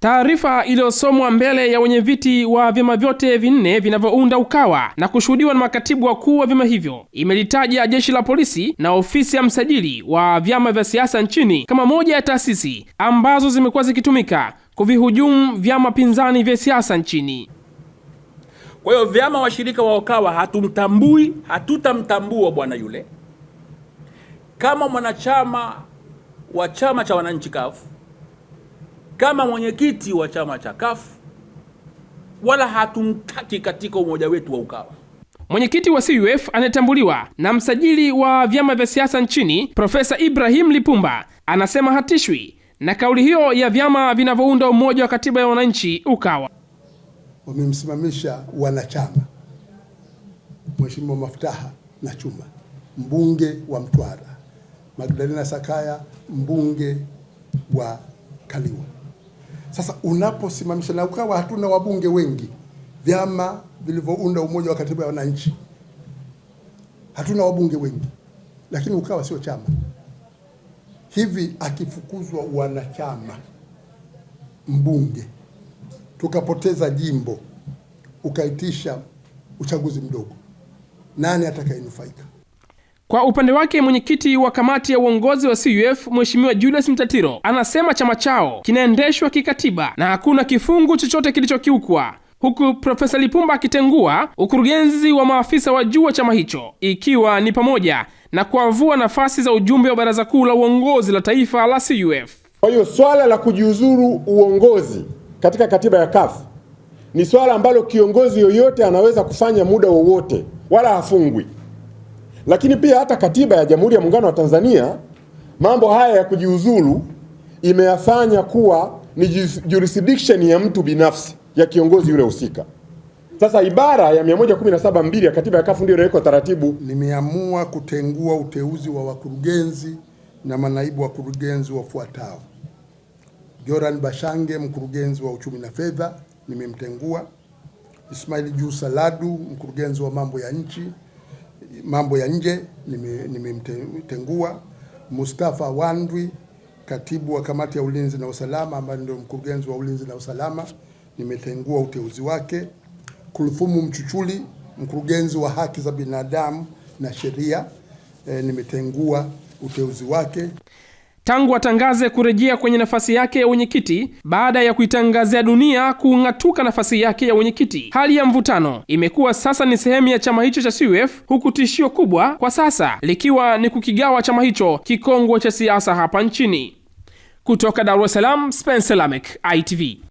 Taarifa iliyosomwa mbele ya wenyeviti wa vyama vyote vinne vinavyounda UKAWA na kushuhudiwa na makatibu wakuu wa vyama hivyo imelitaja jeshi la polisi na ofisi ya msajili wa vyama vya siasa nchini kama moja ya taasisi ambazo zimekuwa zikitumika kuvihujumu vyama pinzani vya siasa nchini. Kwa hiyo vyama washirika wa UKAWA hatumtambui, hatutamtambua bwana yule kama mwanachama wa chama cha wananchi kafu kama mwenyekiti wa chama cha CUF, wala hatumtaki katika umoja wetu wa Ukawa. Mwenyekiti wa CUF anayetambuliwa na msajili wa vyama vya siasa nchini Profesa Ibrahim Lipumba anasema hatishwi na kauli hiyo ya vyama vinavyounda umoja wa katiba ya wananchi Ukawa. Wamemsimamisha wanachama Mheshimiwa Maftaha na Chuma, mbunge wa Mtwara, Magdalena Sakaya, mbunge wa Kaliwa. Sasa unaposimamisha na ukawa hatuna wabunge wengi, vyama vilivyounda umoja wa katiba ya wananchi hatuna wabunge wengi, lakini ukawa sio chama hivi. Akifukuzwa wanachama mbunge, tukapoteza jimbo, ukaitisha uchaguzi mdogo, nani atakayenufaika? Kwa upande wake mwenyekiti wa kamati ya uongozi wa CUF Mheshimiwa Julius Mtatiro anasema chama chao kinaendeshwa kikatiba na hakuna kifungu chochote kilichokiukwa, huku Profesa Lipumba akitengua ukurugenzi wa maafisa wa juu wa chama hicho ikiwa ni pamoja na kuavua nafasi za ujumbe wa baraza kuu la uongozi la taifa la CUF. Kwa hiyo swala la kujiuzuru uongozi katika katiba ya kafu ni swala ambalo kiongozi yoyote anaweza kufanya muda wowote, wala hafungwi. Lakini pia hata katiba ya Jamhuri ya Muungano wa Tanzania mambo haya ya kujiuzulu imeyafanya kuwa ni jurisdiction ya mtu binafsi ya kiongozi yule husika. Sasa ibara ya 117.2 ya katiba ya kafu ndio inaweka taratibu. Nimeamua kutengua uteuzi wa wakurugenzi na manaibu wakurugenzi wafuatao: Joran Bashange, mkurugenzi wa uchumi na fedha, nimemtengua. Ismail Jusa Ladu, mkurugenzi wa mambo ya nchi mambo ya nje nimemtengua nime Mustafa Wandwi, katibu wa kamati ya ulinzi na usalama, ambaye ndio mkurugenzi wa ulinzi na usalama, nimetengua uteuzi wake. kulufumu Mchuchuli, mkurugenzi wa haki za binadamu na sheria, e, nimetengua uteuzi wake tangu atangaze kurejea kwenye nafasi yake ya wenyekiti baada ya kuitangazia dunia kungatuka nafasi yake ya wenyekiti. Hali ya mvutano imekuwa sasa ni sehemu ya chama hicho cha CUF, huku tishio kubwa kwa sasa likiwa ni kukigawa chama hicho kikongwe cha siasa hapa nchini. Kutoka Dar es Salaam, Spencer Lamek, ITV.